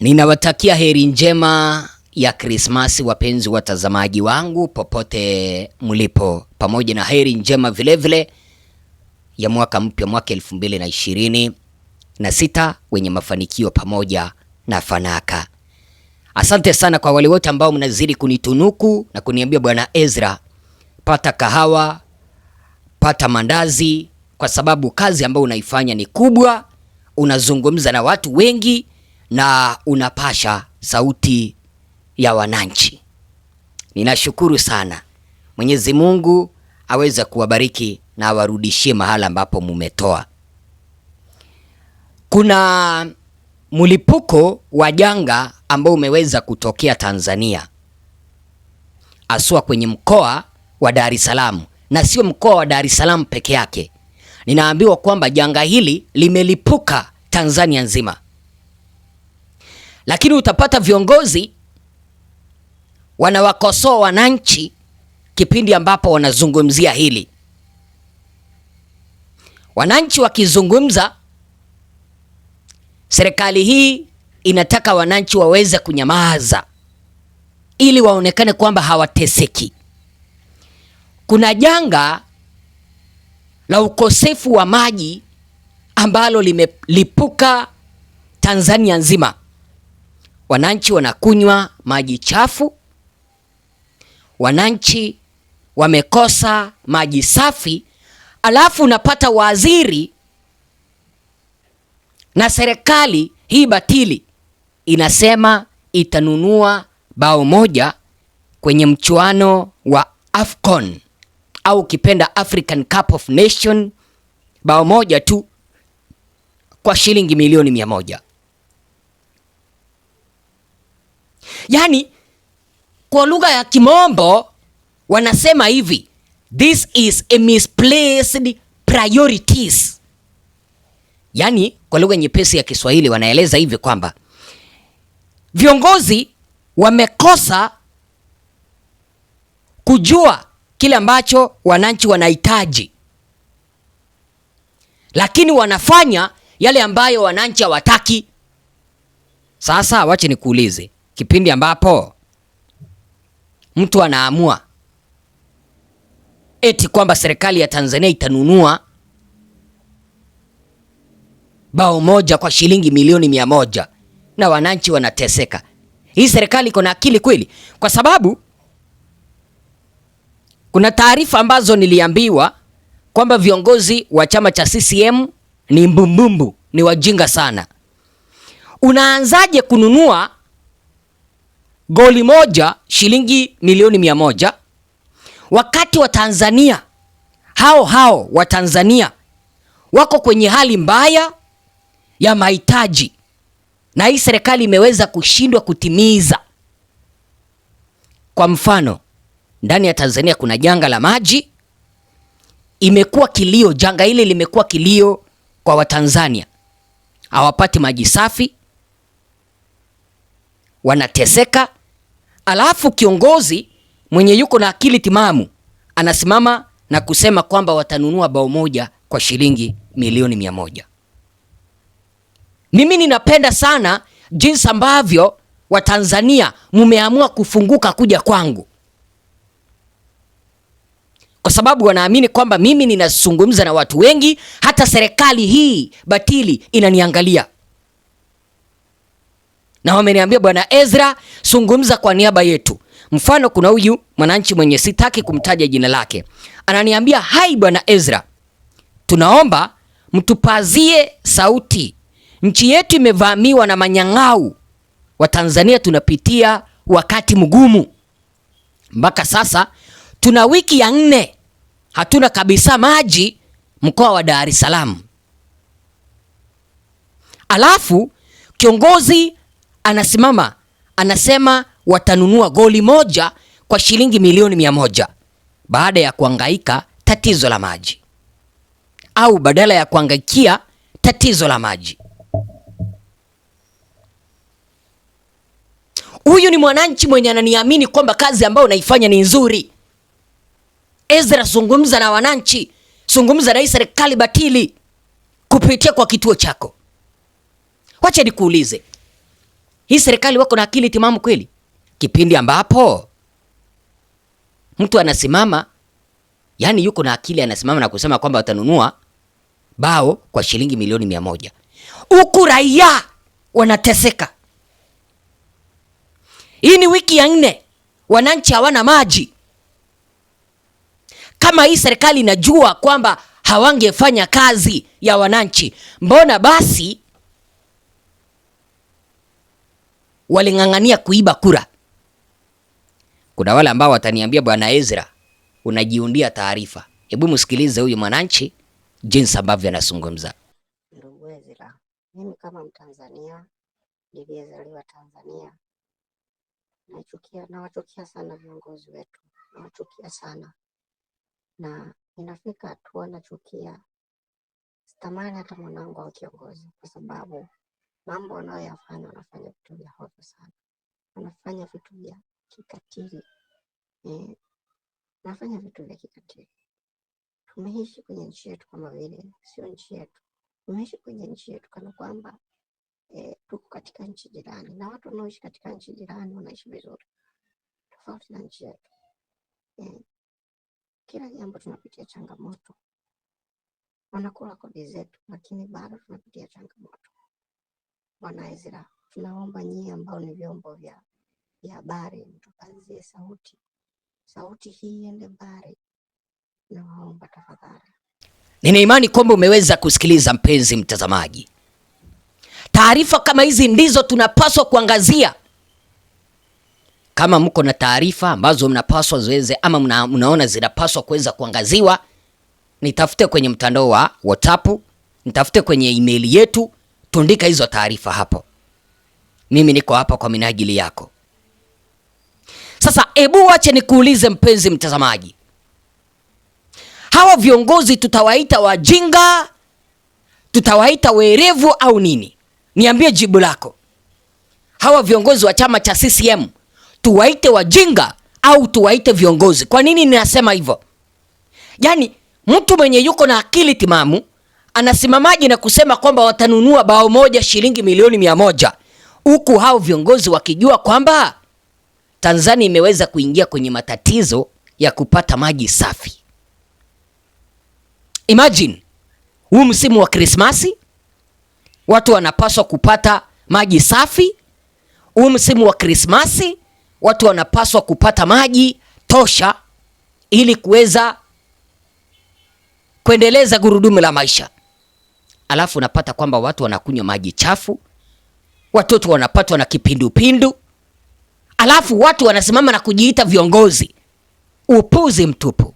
Ninawatakia heri njema ya Krismasi wapenzi watazamaji wangu popote mlipo, pamoja na heri njema vilevile vile ya mwaka mpya, mwaka elfu mbili na ishirini na sita wenye mafanikio pamoja na fanaka. Asante sana kwa wale wote ambao mnazidi kunitunuku na kuniambia Bwana Ezra, pata kahawa, pata mandazi, kwa sababu kazi ambayo unaifanya ni kubwa, unazungumza na watu wengi na unapasha sauti ya wananchi. Ninashukuru sana. Mwenyezi Mungu aweze kuwabariki na awarudishie mahala ambapo mumetoa. Kuna mlipuko wa janga ambao umeweza kutokea Tanzania, aswa kwenye mkoa wa Dar es Salaam, na sio mkoa wa Dar es Salaam peke yake. Ninaambiwa kwamba janga hili limelipuka Tanzania nzima. Lakini utapata viongozi wanawakosoa wananchi kipindi ambapo wanazungumzia hili. Wananchi wakizungumza, serikali hii inataka wananchi waweze kunyamaza ili waonekane kwamba hawateseki. Kuna janga la ukosefu wa maji ambalo limelipuka Tanzania nzima wananchi wanakunywa maji chafu, wananchi wamekosa maji safi, alafu unapata waziri na serikali hii batili inasema itanunua bao moja kwenye mchuano wa AFCON au kipenda African Cup of Nation, bao moja tu kwa shilingi milioni mia moja. yani kwa lugha ya kimombo wanasema hivi, this is a misplaced priorities. Yani kwa lugha nyepesi ya Kiswahili wanaeleza hivi kwamba viongozi wamekosa kujua kile ambacho wananchi wanahitaji, lakini wanafanya yale ambayo wananchi hawataki. Sasa wache nikuulize, kipindi ambapo mtu anaamua eti kwamba serikali ya Tanzania itanunua bao moja kwa shilingi milioni mia moja na wananchi wanateseka. Hii serikali iko na akili kweli? Kwa sababu kuna taarifa ambazo niliambiwa kwamba viongozi wa chama cha CCM ni mbumbumbu, ni wajinga sana. Unaanzaje kununua goli moja shilingi milioni mia moja wakati wa Tanzania hao hao wa Tanzania wako kwenye hali mbaya ya mahitaji, na hii serikali imeweza kushindwa kutimiza. Kwa mfano, ndani ya Tanzania kuna janga la maji, imekuwa kilio. Janga hili limekuwa kilio kwa Watanzania, hawapati maji safi, wanateseka Alafu kiongozi mwenye yuko na akili timamu anasimama na kusema kwamba watanunua bao moja kwa shilingi milioni mia moja. Mimi ninapenda sana jinsi ambavyo Watanzania mumeamua kufunguka kuja kwangu, kwa sababu wanaamini kwamba mimi ninazungumza na watu wengi, hata serikali hii batili inaniangalia na wameniambia bwana Ezra, zungumza kwa niaba yetu. Mfano, kuna huyu mwananchi mwenye sitaki kumtaja jina lake ananiambia, hai bwana Ezra, tunaomba mtupazie sauti, nchi yetu imevamiwa na manyang'au. Watanzania tunapitia wakati mgumu mpaka sasa, tuna wiki ya nne hatuna kabisa maji mkoa wa Dar es Salaam, alafu kiongozi anasimama anasema watanunua goli moja kwa shilingi milioni mia moja baada ya kuangaika tatizo la maji, au badala ya kuangaikia tatizo la maji. Huyu ni mwananchi mwenye ananiamini kwamba kazi ambayo naifanya ni nzuri. Ezra, zungumza na wananchi, zungumza na hii serikali batili kupitia kwa kituo chako. Wacha nikuulize, hii serikali wako na akili timamu kweli? Kipindi ambapo mtu anasimama, yani yuko na akili, anasimama na kusema kwamba watanunua bao kwa shilingi milioni mia moja huku raia wanateseka. Hii ni wiki ya nne, wananchi hawana maji. Kama hii serikali inajua kwamba hawangefanya kazi ya wananchi, mbona basi waling'ang'ania kuiba kura. Kuna wale ambao wataniambia bwana Ezra, unajiundia taarifa. Hebu msikilize huyu mwananchi jinsi ambavyo anazungumza. Ndugu Ezra, mimi kama Mtanzania niliyezaliwa Tanzania nachukia, nawachukia sana viongozi wetu, nawachukia sana na inafika hatua nachukia, sitamani hata mwanangu au kiongozi, kwa sababu mambo wanayoyafanya wanafanya vitu vya hovyo sana, wanafanya vitu vya kikatili eh, wanafanya vitu vya kikatili. Tumeishi kwenye nchi yetu kama vile sio nchi yetu, tumeishi kwenye nchi yetu kana kwamba eh, tuko katika nchi jirani, na watu wanaoishi katika nchi jirani wanaishi vizuri, tofauti na nchi yetu eh, kila jambo tunapitia changamoto, wanakula kodi zetu, lakini bado tunapitia changamoto. Bwana Ezra, tunaomba nyie ambao ni vyombo vya habari mtupazie sauti, sauti hii iende mbali, nawaomba tafadhali. Nina imani kwamba umeweza kusikiliza, mpenzi mtazamaji. Taarifa kama hizi ndizo tunapaswa kuangazia. Kama mko na taarifa ambazo mnapaswa ziweze ama mna, mnaona zinapaswa kuweza kuangaziwa, nitafute kwenye mtandao wa WhatsApp, nitafute kwenye email yetu tundika hizo taarifa hapo, mimi niko hapa kwa minajili yako. Sasa ebu ni nikuulize mpenzi mtazamaji, hawa viongozi tutawaita wajinga, tutawaita werevu au nini? Niambie jibu lako. Hawa viongozi wa chama cha CCM tuwaite wajinga au tuwaite viongozi? Kwa nini ninasema hivyo? Yaani mtu mwenye yuko na akili timamu anasimamaje na kusema kwamba watanunua bao moja shilingi milioni mia moja huku hao viongozi wakijua kwamba Tanzania imeweza kuingia kwenye matatizo ya kupata maji safi. Imagine huu msimu wa Krismasi watu wanapaswa kupata maji safi. Huu msimu wa Krismasi watu wanapaswa kupata maji tosha ili kuweza kuendeleza gurudumu la maisha alafu unapata kwamba watu wanakunywa maji chafu, watoto wanapatwa na kipindupindu, alafu watu wanasimama na kujiita viongozi. Upuzi mtupu.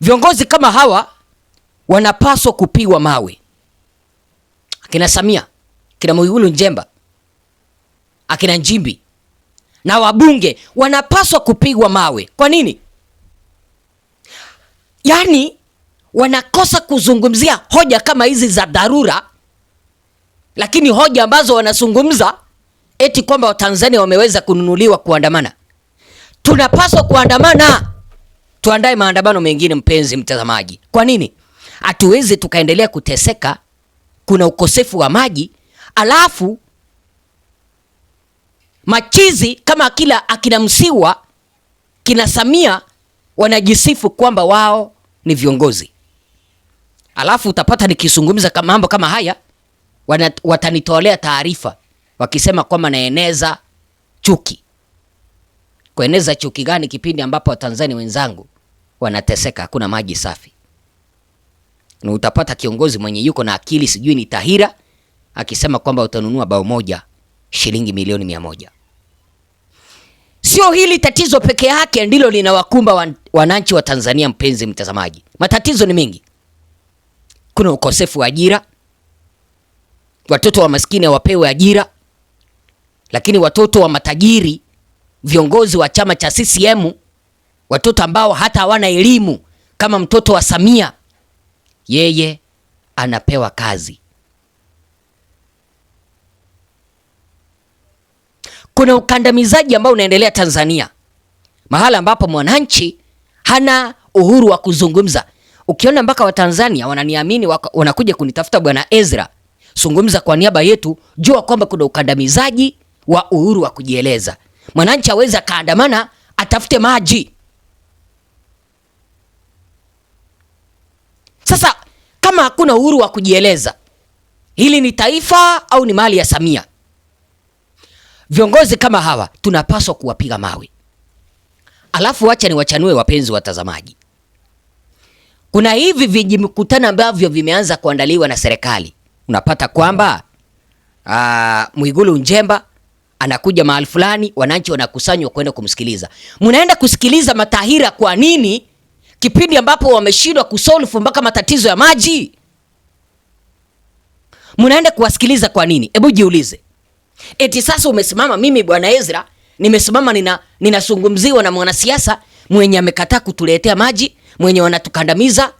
Viongozi kama hawa wanapaswa kupiwa mawe, akina Samia, akina Mwigulu njemba akina Njimbi na wabunge wanapaswa kupigwa mawe. Kwa nini? Yaani wanakosa kuzungumzia hoja kama hizi za dharura, lakini hoja ambazo wanazungumza eti kwamba Watanzania wameweza kununuliwa kuandamana. Tunapaswa kuandamana, tuandae maandamano mengine, mpenzi mtazamaji. Kwa nini hatuwezi tukaendelea kuteseka? Kuna ukosefu wa maji, alafu machizi kama kila akina Msiwa kina Samia wanajisifu kwamba wao ni viongozi alafu utapata nikizungumza mambo kama haya wana, watanitolea taarifa wakisema kwamba naeneza chuki. Kueneza chuki gani kipindi ambapo Watanzania wenzangu wanateseka, hakuna maji safi? Na utapata kiongozi mwenye yuko na akili sijui ni tahira akisema kwamba utanunua bao moja shilingi milioni mia moja. Sio hili tatizo peke yake ndilo linawakumba wananchi wa Tanzania, mpenzi mtazamaji, matatizo ni mengi hakuna ukosefu wa ajira, watoto wa maskini hawapewe ajira, lakini watoto wa matajiri, viongozi wa chama cha CCM, watoto ambao hata hawana elimu kama mtoto wa Samia, yeye anapewa kazi. Kuna ukandamizaji ambao unaendelea Tanzania, mahala ambapo mwananchi hana uhuru wa kuzungumza. Ukiona mpaka Watanzania wananiamini wanakuja kunitafuta Bwana Ezra, zungumza kwa niaba yetu, jua kwamba kuna ukandamizaji wa uhuru wa kujieleza. Mwananchi aweza kaandamana, atafute maji. Sasa kama hakuna uhuru wa kujieleza, hili ni taifa au ni mali ya Samia? Viongozi kama hawa tunapaswa kuwapiga mawe. Alafu wacha ni wachanue, wapenzi watazamaji, kuna hivi vijimkutano ambavyo vimeanza kuandaliwa na serikali. Unapata kwamba aa, ah, Mwigulu Njemba anakuja mahali fulani, wananchi wanakusanywa kwenda kumsikiliza. Mnaenda kusikiliza matahira kwa nini, kipindi ambapo wameshindwa kusolve mpaka matatizo ya maji? Mnaenda kuwasikiliza kwa nini? Hebu jiulize. Eti sasa umesimama, mimi bwana Ezra nimesimama, ninazungumziwa na mwanasiasa mwenye amekataa kutuletea maji mwenye wanatukandamiza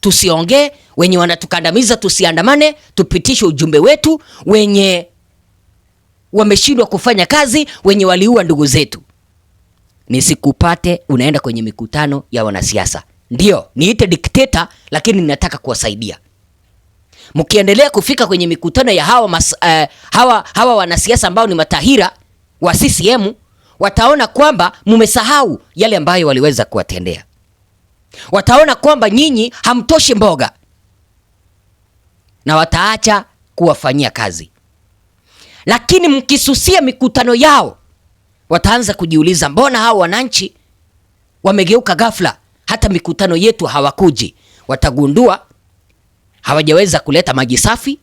tusiongee, wenye wanatukandamiza tusiandamane, tupitishe ujumbe wetu, wenye wameshindwa kufanya kazi, wenye waliua ndugu zetu. Nisikupate unaenda kwenye mikutano ya wanasiasa. ndio niite dikteta, lakini ninataka kuwasaidia. Mkiendelea kufika kwenye mikutano ya hawa, mas, eh, hawa, hawa wanasiasa ambao ni matahira wa CCM wataona kwamba mmesahau yale ambayo waliweza kuwatendea wataona kwamba nyinyi hamtoshi mboga na wataacha kuwafanyia kazi. Lakini mkisusia mikutano yao, wataanza kujiuliza, mbona hao wananchi wamegeuka ghafla, hata mikutano yetu hawakuji? Watagundua hawajaweza kuleta maji safi,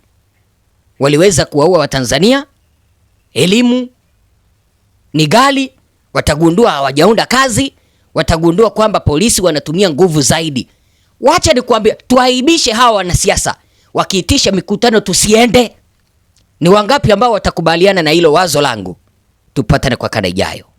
waliweza kuwaua Watanzania, elimu ni ghali, watagundua hawajaunda kazi watagundua kwamba polisi wanatumia nguvu zaidi. Wacha nikwambie, tuaibishe hawa wanasiasa, wakiitisha mikutano tusiende. Ni wangapi ambao watakubaliana na hilo wazo langu? Tupatane kwa kada ijayo.